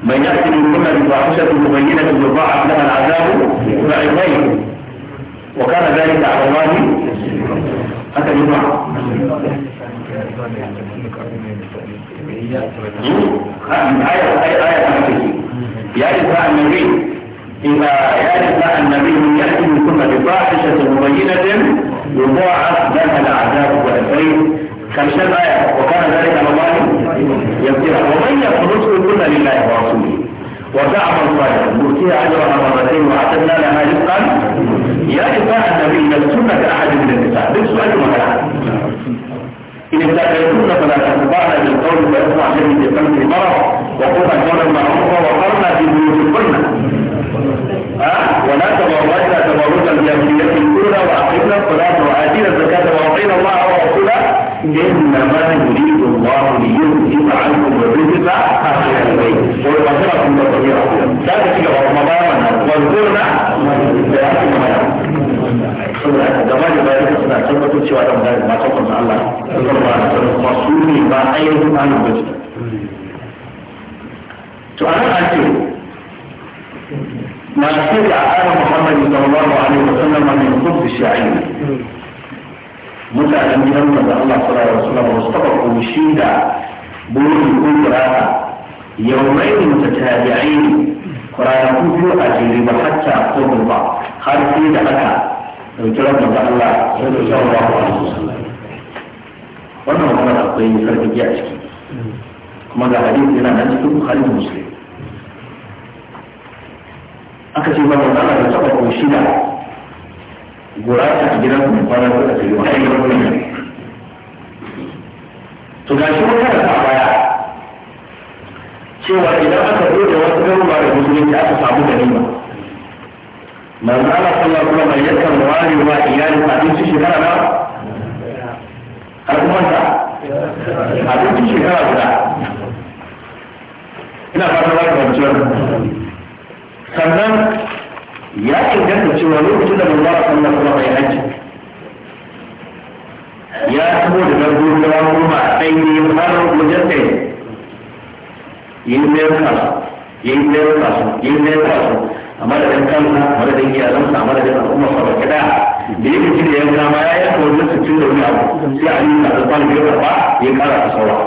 من يأتي منكن بفاحشة مبينة يضاعف لها العذاب بعينين وكان ذلك على الله حتى يضاعف يا نساء النبي إذا يا نساء النبي يأتي بكم بفاحشة مبينة يضاعف لها العذاب والبيت خمسة آية وكان ذلك على الله يبتلى ومن يخرج كل لله ورسوله وتعمل صالحا نؤتيها اجرها مرتين واعتدنا لها رزقا يا نساء النبي لستن أحد من النساء بالسؤال المكان إذا تأكلون فلا تقضعن بالقول فيطمع الذي في قلبه مرض وقلنا قولا معروفا وقرنا في بيوتكن ولا تبرجن تبرج الجاهلية الأولى وأقمنا الصلاة وآتينا الزكاة وأعطينا الله ورسوله إنما يريد الله ليذهب عنكم الرجس أهل البيت ويغفركم تطهيرا ذلك في رمضان واذكرنا فيأتي guda duka suna tabbatar cewa da magana ba ta kunsa Allah sallallahu alaihi wasallam kuma su ne ba ainihin ahlul bait to an ce ما ابتدع da محمد صلى الله عليه وسلم من خبز الشعير mutanen gidan manzon Allah sallallahu alaihi wasallam wasu taba kunshi da burin kungura yaumai mutatabi'ai kwararru biyu a jere ba hatta ko ba har sai da aka daukiran da Allah sai da shan ruwa a wannan magana akwai a ciki kuma ga yana nan cikin bukhari muslim aka ce ba mun Allah da taba ko shida gurata a gidan mu fara da ta yi wani to gashi mun kana ta baya cewa idan aka dole wasu garuruwa da musulunci aka samu ganima manzo Allah sallallahu alaihi wasallam yakan iyali abinci shekara na
al'ummarsa abinci shekara guda ina fata ba ta kwanciyar
sannan ya inganta cewa lokacin da manzo Allah sallallahu alaihi wasallam ya haji ya tabo da gargo da kuma ɗai ne har wajen yin ɗayar kasu yin kasu yin kasu a madadin kansa a madadin iyalansa a madadin al'umma sa baki daya da ya fice da yanka ma ya yi kawai su cin da wani abu sai a yi na da kwanu biyar ya kara ta saura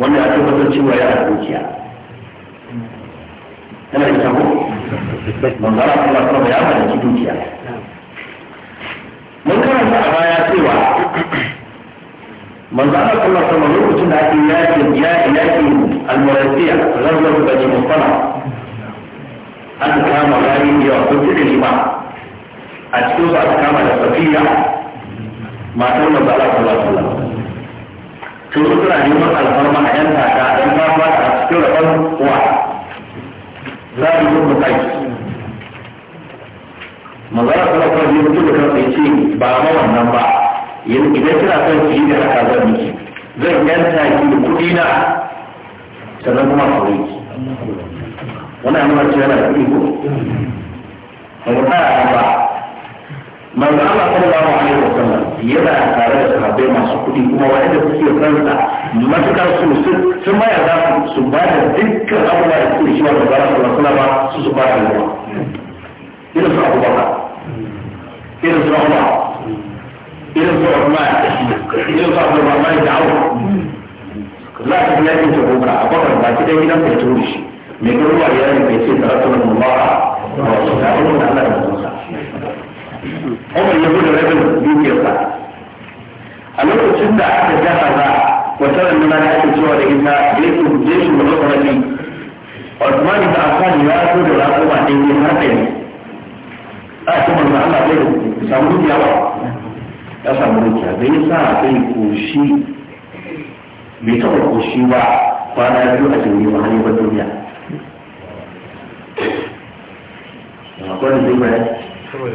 wanda a tabbatar cewa ya da dukiya yana da sabo manzara Allah kuma ya mallaki dukiya
mun karanta a baya cewa manzo Allah sallallahu alaihi wasallam lokacin da ake yakin yakin al-muraysiya ghazwat bani
mustaliq an kama bayi da yawa kun da ba a cikin su aka kama da safiya
matar manzo Allah sallallahu alaihi wasallam to su suna neman alfarma a yan taka a yan fara a cikin rabon uwa
za su yi mutai
manzo Allah sallallahu kuma wasallam ya mutu da kansa ce ba ma wannan ba idan kina son su yi da haka
zan miki zan yanta yi da kudi na
sannan kuma aure
ki wannan amma ce yana da iko ba ba ba manzo Allah sallallahu alaihi wasallam yana tare da sahabbai masu kuɗi kuma wanda suke kansa matukar su sun maya za su ba da dukkan abubuwa da suke shi wanda bara sallallahu alaihi wasallam su ba da ruwa
irin su abubakar irin su Umar
irin su Uthman irin su Abdul Rahman da
Auf za ka ga yakin ta gobara abubakar ba ki dai gidan ka mai gurwa ya yi mai ce karatun mulaha ba su ta yi wani Allah da mutunsa
Umar ya gudu rabin dukiyarsa a lokacin da aka jahaza wata rannuna da ake cewa da ita jesu jesu da lokacin Osman da Affan ya so da raƙuma ɗin yin hatsari a cikin manzo Allah zai samu dukiya ba ya samu dukiya bai sa bai koshi bai taɓa koshi ba kwana biyu a cikin yi ba hanyar duniya
akwai da mai na
ɗin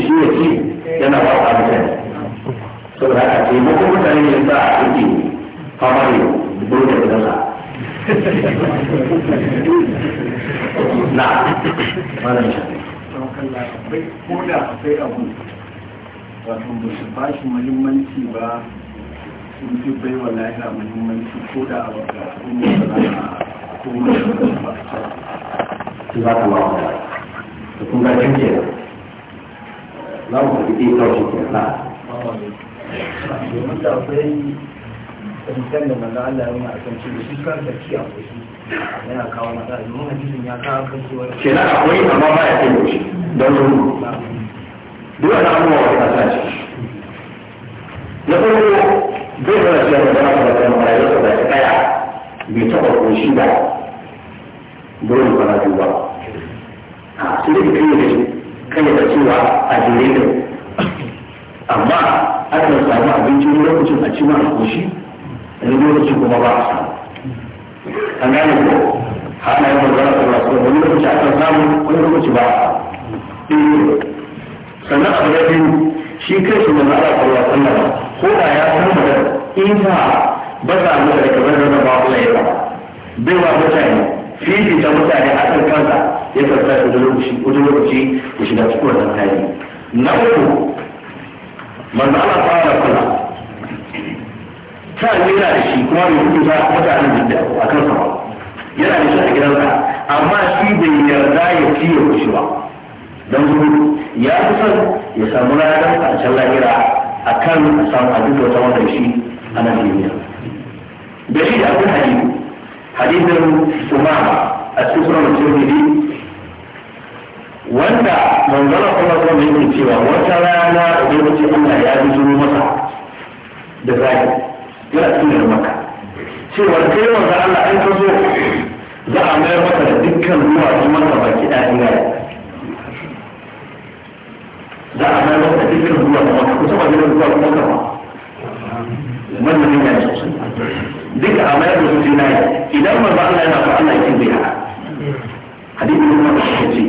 shi yana a da na abu wato ba su ba shi muhimmanci ba sun fi bai wa lahira muhimmanci ko da a baka kuma kuma ko ma ba su ba ku ba kun ga cikin kenan za mu fi ɗi kawai kenan na domin da akwai fahimtar da manzo Allah ya nuna akan cewa shi kansa kiyan kushi yana kawo matsala domin hadisin ya kawo kan cewa kenan akwai amma ba ya kai don su
duk wani abubuwa wani kasa ciki
na farko zai zana cewa da zama kuma kan rayuwar sa da kaya bai taɓa ƙunshi ba dole ba duba a su da kai ne a jere ne amma akan samu abinci wani lokacin a cima a ƙoshi wani lokacin kuma ba a samu an gane ko hana yawan zara da wani lokacin akan samu wani lokacin ba a samu eh, sannan abu na biyu shi kai shi manzo Allah sallallahu alaihi wasallam ko da ya san da isa ba za mu da kamar da ba Allah ya ba bai wa mutane fifi ta mutane a kan kansa ya tsarka da lokaci wajen lokaci ya shiga cikin wannan hali na uku manzo Allah sallallahu alaihi wasallam ta nira da shi kuma mai hukunta mutanen da a kansa ba yana da shi a gidansa amma shi bai yarda ya ciye shi ba don gudu ya fi son ya samu a can lahira a kan samu abin da wata wanda shi a nan duniya da shi da abin hadisi hadisin umama a cikin sunan mutum wanda manzana kuma zuwa mai yi cewa wata rana a lokacin Allah ya bi zuru masa da zai yana cikin maka cewa kai wanda Allah an ka zo za a mayar maka da dukkan zuwa su maka baki ɗaya
za a ga lokaci irin zuwa da wata kusa ba irin zuwa da wata ba
wannan ne ya sosai duka a mayar da su juna idan manzo Allah yana fa Allah yake bai haka hadisi ne kuma shi ce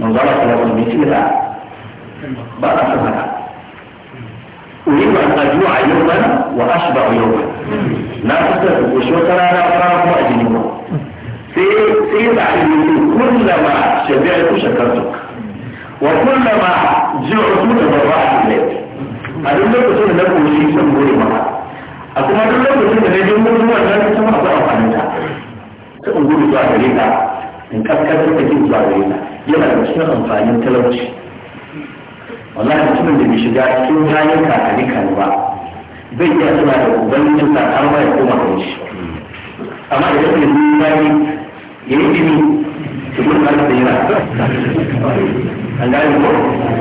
manzo Allah sallallahu alaihi wasallam ya
ce ba a san haka
أريد أن أجوع يوما وأشبع يوما لا تستطيع وشوة رانا ورانا وأجنبه
في في بعد كلما شبعت شكرتك wa kullama ji'tu da barra'a ilayk a duk lokacin da na koyi san gode maka a kuma duk lokacin da na ji mutuwa na ta sama ba amfani ta ta in gudu zuwa gare ta in kaskar da kin zuwa gare ta. yana da cikin amfanin talauci wallahi mutumin da bai shiga cikin halin kakari kan ba Zai iya suna da ubangijin sa har ma ya koma gare shi amma idan ya yi yayi dimi cikin alfira an gane ko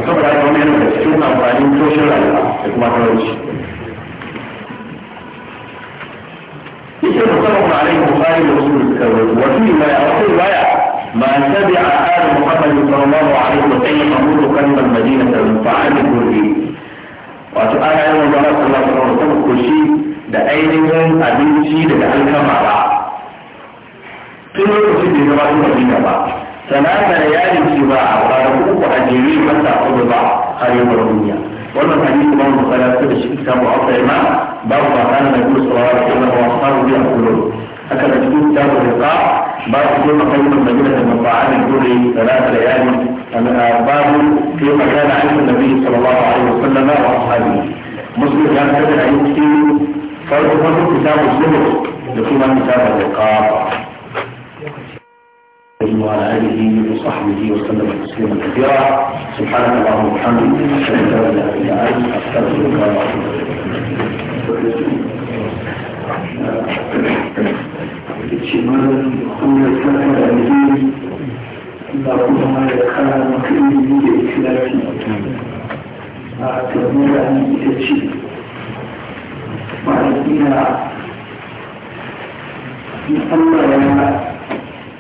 saboda haka wani da cikin amfanin toshin rayuwa da kuma talauci
yake musamman alaihi bukari da wasu karwatu wasu riwaya wasu riwaya ما تبع آل محمد صلى الله عليه وسلم أمور
كلمة المدينة فعلموا به wato ana yawan zama sallallahu alaihi wasallam ko shi da ainihin abinci daga alkama ba sai lokacin da ya zama zuwa dina ba sanata ya yi ce ba a kwana uku a jere masa kudu ba har yau da duniya wannan hadisi ba mu fara da shi kitabu akwai ma babu ba kana da kullu sallallahu alaihi wa sallam wa sahabu ya kullu haka da cikin kitabu riqa babu ko makalimar madina da mafa'al dole salata layali babu fi magana an annabi sallallahu alaihi wa sallam wa ashabihi muslim ya kada da cikin farko farko kitabu sunnah da kuma kitabu riqa وعلى آله وصحبه وسلم تسليما كثيرا سبحانك اللهم وبحمدك أشهد أن لا إله إلا أنت أستغفرك وأتوب إليك اللهم يا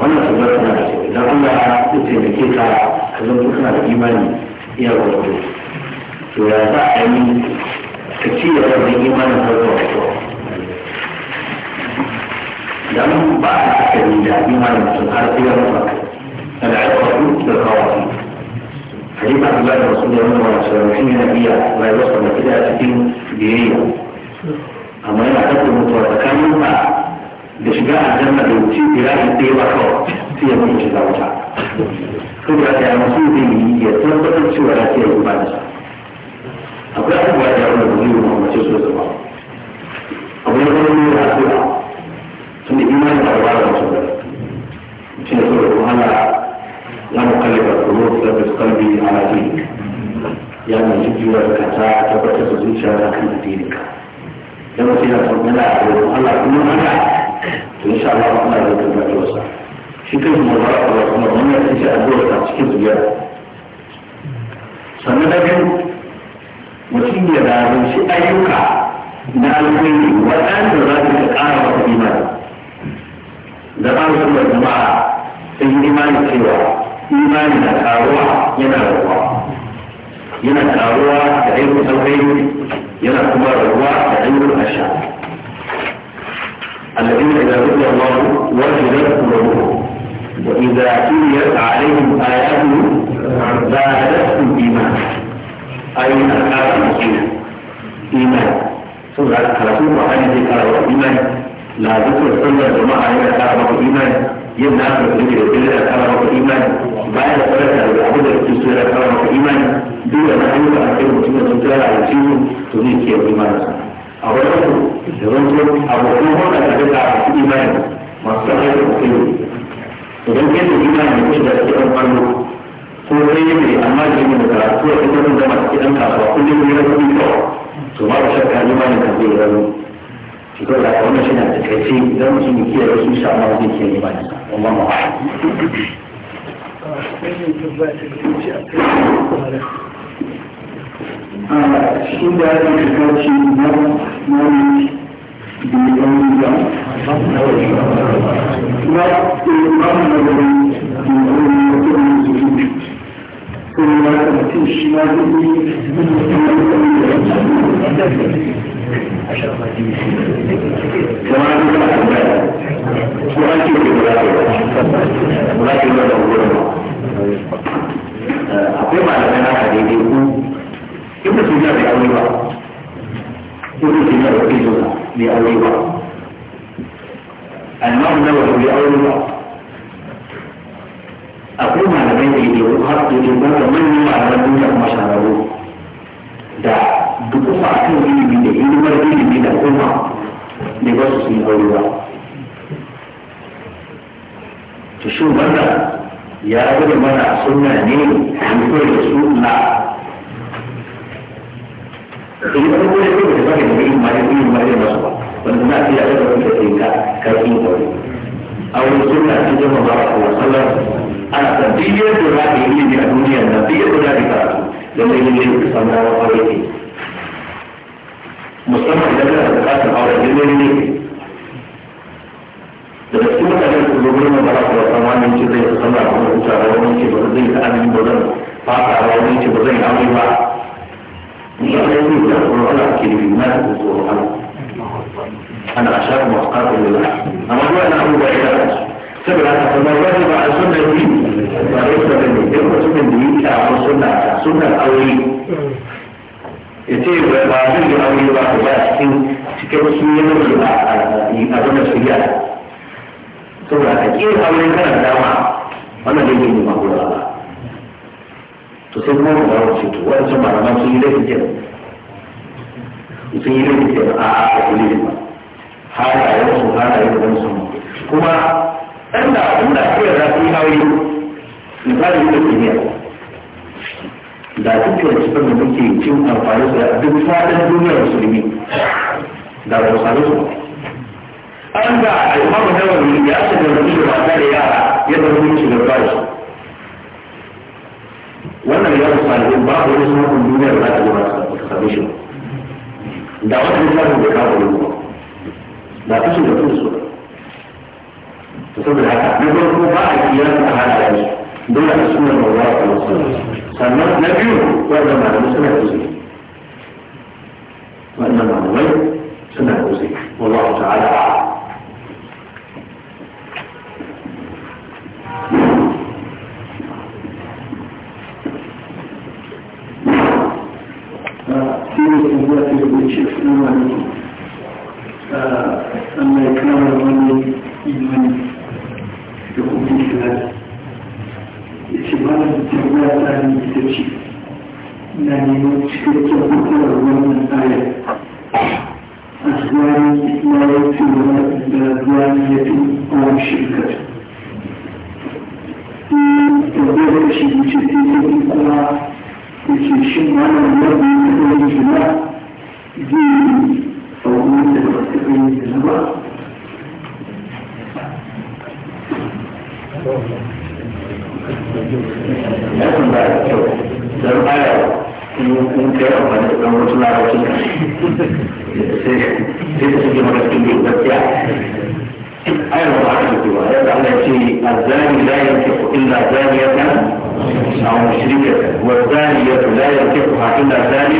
wannan kuma tana da kyau idan Allah ya taimake ka ka zanto kana da imani iya wato to ya za a yi ka ci da wannan imanin har zuwa wato dan ba a akari da imanin mutum har sai ya mutu al'aqatu da kawai hadith Abdullah da Rasulullah sallallahu alaihi wasallam shi ne biya rayuwarsa da kida cikin biyayya amma yana da mutuwa tsakanin ba da shiga aljanna da wuce firashi ɗaya ba kawai sai ya mutu shiga wuta saboda ta yana su zai yi ya tabbatar cewa ya ce ya yi ba da akwai abubuwa da yawa da zai yi wa mace so zama abu na farko yi ya so tun da imanin da ba da wasu ba mutum ya saboda wahala ya mu kalli ba kuma su da su kalbi a lafiya ya mai jujjuwa da kata tabbatar da zuciya da kan da dinika yana sai ya san yana kuma ana to insha Allah ana da wasa, shi kan kuma ba a kuma mun ya ce addu'a ta cikin zuriya sannan da biyu mutum ya zalunci ayyuka na alheri waɗanda za su ƙara masa imani da ba su da jama'a sai imani cewa imani na ƙaruwa yana rabuwa yana ƙaruwa da ayyukan alheri yana kuma rabuwa da ayyukan asha الذين إذا ذكر الله وجدت قلوبهم وإذا تليت عليهم آياته زادتهم إيمانا أي من أكثر إيمان إيمانا سورة الرسول وحديث الكرامة إيمان لا ذكر السنة جماعة إلى الكرامة إيمان يمنع الذكر ذكر إلى الكرامة إيمان بعد صلاة العبد الكسر إلى الكرامة إيمان دون ما يبقى أكثر مسلما تجارة على سيره تذيك إيمانا a wajen da zanto abokan hulɗa da duka a cikin imani masu sa aiki da kai idan kai da imani da kai da kai ɗan ko yi mai amma da yi da karatu a cikin zan zama cikin ɗan kasuwa kullum ne na kuɗi kawai to ba da shakka imani kan zai zama shi ko da wannan shi na da kai idan mutum ya kiyaye su sha ma zai kiyaye imani wannan ma'a. ma you. a cikin da ake shiga ce na mawani da ya yi da na imamu na gari da ya yi da kuma zuwa kuma ya kamata shi ma zai yi da kuma akwai malamai na daidai ko ibn sina bai aure ba ibn sina bai kai zuwa bai aure ba annabi na wani bai aure ba akwai malamai da yake har da yake ba da manyan malaman duniya kuma shahararru da duk kuma akan ilimi da hidimar ilimi da kuma ne ba su sun aure ba to shin wannan ya zama mana sunna ne a mutuwar da su na Jadi kalau boleh itu sebagai mungkin mari ini mari masuk. Tentunya tidak ada yang tertinggal kalau boleh. Aku sudah tidak membawa Allah Allah. Ada dia berada di ini di dunia dan dia berada di sana. Dan ini dia bersama Allah Allah ini. Mustahil kita berkata orang dunia ini. Dan semua kali itu belum membawa Allah sama yang kita bersama Allah. Ucapan yang kita berikan ini bukan. Pakar yang kita berikan ini bukan. saboda a cikin hauyen a dama wannan da yake nema kula ba to sai kuma kuma wasu to waɗancan malaman sun yi laifin kenan sun yi laifin kenan a a a kuli ba halayen su halayen da su kuma ɗan da ɗan da kira za su yi hawaye misali da kimiyya da duk da cikin da muke cin amfani su da duk faɗin duniyar musulmi da ba su sami su an da alhamdu na wani ya shiga da mata da yara yadda mutum shiga ba su wannan ya rufa ne ba a wani sunan duniya da za ta zama ta same shi da wannan lissafin bai kawo ne ba ba ta shi da tun su ta saboda haka na farko ba a kiyar da hana da shi dole a sunan mawuwa a wasu sannan na biyu wannan malamai suna da su wannan malamai suna da su wallahu ta'ala a'a shi ne kan zuwa ta gaba ce su nuna ne Allah ya kama wani imani da kuma ikilali ya ce ba na da tambaya ta ne ita ce na neman cikakken hukumar wannan ayar أسواني ما يكتب بأدوانية أو شركة تبدأ شيء جديد في kuma. yake shin wannan
wani da أو
مشركة والثانية لا يركبها إلا ثاني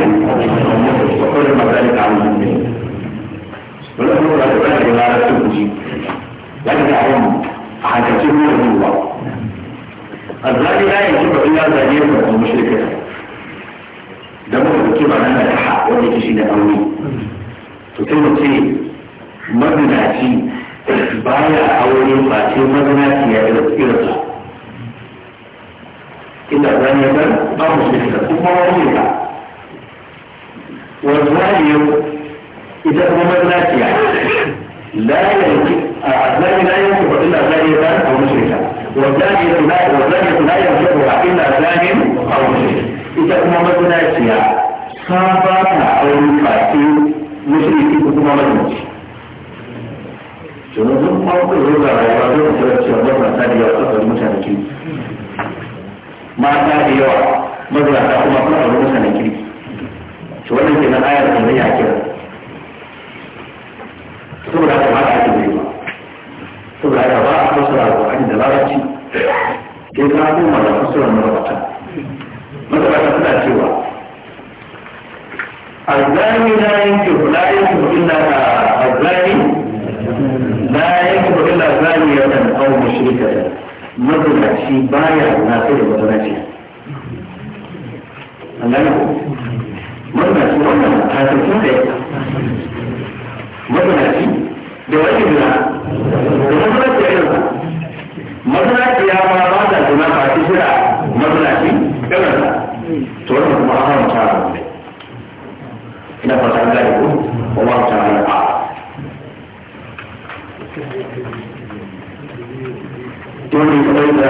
وحرم ذلك عن المؤمنين والأمر لا تبالغ لا تبجي لكن أعلم عن كثير من الله الزاني لا يجب إلا ثانية ومشركة ده ممكن أن أنا أتحقق وأنا شيء أوي تقول لي مبنى شيء baya aure face mazinaciya da tsirarsa إلا زانية أو مشركة ثم رضيك والزاني إذا هو ناسية لا يمكن لا ينكح إلا زانية أو مشركة والزانية لا والزانية لا ينكحها إلا زاني أو مشركة إذا هو ناسية صابت أو نفاتي مشركة ثم مجنون شنو ثم موقف هذا رأيوه وترى شنو مثلا يا أخي المتنكي mata da yawa mazalata kuma kuma a wurin na kirki to wannan ke nan ayar da ya kira saboda haka mata ake bai ba saboda haka ba a fassara alƙur'ani da larabci ke ka koma da na marabata Mazalata suna cewa
الزاني لا ينكح لا ينكح إلا الزاني لا ينكح إلا زانية أو مشركة mazinaci baya zinace da mazinaci
an gane ko wannan tasakin da ya mazinaci da wani zina da mazinaci ya yanzu mazinaci ya ma ba da zina ba ta shira mazinaci ɗanarsa to wannan kuma an haramta
ina fata yi ko wa ta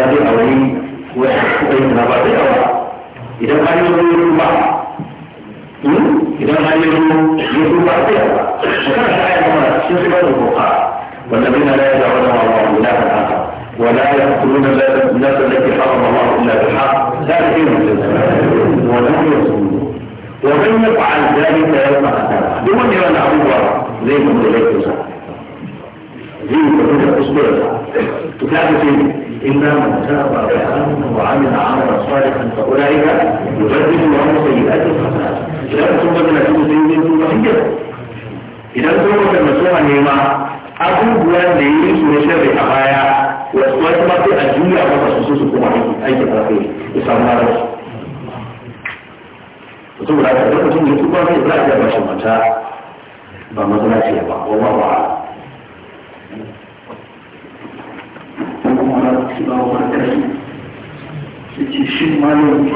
ya je a wani wani kuka yi na ba da yawa idan har yanzu ya tuba idan har yanzu ya tuba da yawa shi kan shi ayyuka mana sun shiga da kuka wanda bai na laya da wani wani wani na kan haka ولا يقتلون الناس التي حرم الله الا بالحق ذلك يوم ولم يصوموا ومن يفعل ذلك يوم القيامه بمن يرى العدو zai mutu da laifinsa zai mutu da kuskurensa to ta fi إلا من تاب وآمن وعمل عملا صالحا فأولئك يبدل الله سيئات الحسنات إذا بدل كل سيئة وحجة إذا كنتم بدل مسوعا نيما abubuwan da yi su na shirri a baya wasu wasu mafi a duniya ba su su kuma aiki ƙarfi ya samu halar
su saboda ka ɗaukacin ba su a ba shi mata
ba matsala ce ba ko ba wa bir wa barakatuh yace shin malam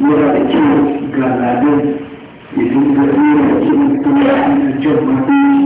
yana da kyau ga ladan ya dinga rera kiran sallah a cikin jama'a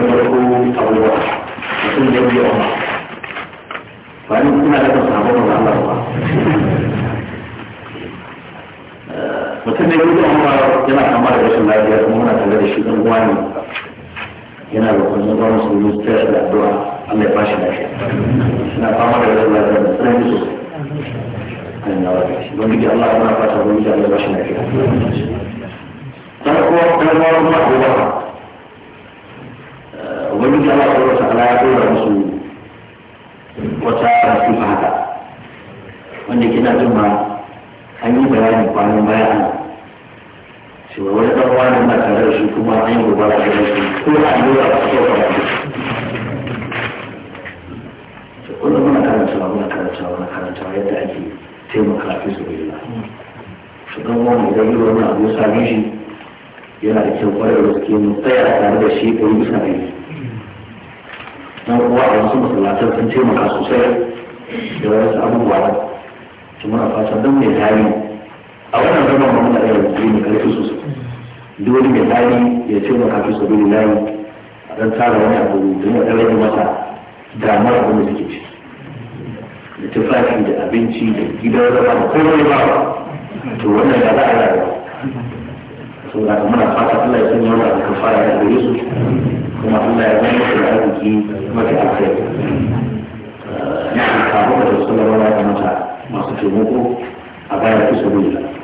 farko abu ba mutum da biyu ba ba ni ina da kan samu da Allah ba mutum da biyu ba yana kama da rashin lafiya kuma muna tare da shi dan uwa ne yana da kwanciyar ba musu yi tsaya da addu'a Allah ya bashi lafiya ina fama da rashin lafiya da tsanani sosai kan yawa da shi don Allah ya fata don Allah ya bashi lafiya dan uwa dan uwa kuma Allah ubangiji Allah ya wata ala ya dora musu wata nasiha haka wanda kina jin an yi bayanin kwanan baya ana cewa wani ɗan wani na tare da shi kuma an yi gobara da shi ko a yi ba a so fara da shi kullum muna karantawa muna karantawa muna karantawa yadda ake taimaka fi su bai su ɗan wani idan yi wani abu ya same shi yana da kyau kwarar da suke mu tsaya tare da shi ɗari bisa ɗari yan uwa a wasu masallatan sun taimaka sosai da wasu abubuwa kuma a fasa don mai tari a wannan zama ba muna iya rubutu mai karfi sosai duk wani mai tari ya taimaka fi sabi da layi a ɗan tsara wani abu don ya ɗaure masa damar abin da suke ci da tufafi da abinci da gidan zama da komai ba to wannan ya za a yi rayuwa saboda muna fata Allah ya sanya wani abu fara da gare su kuma Allah ya zama da arziki ake yi. Eh, na kafin da su lamarin mata masu taimako a bayan kusa gudu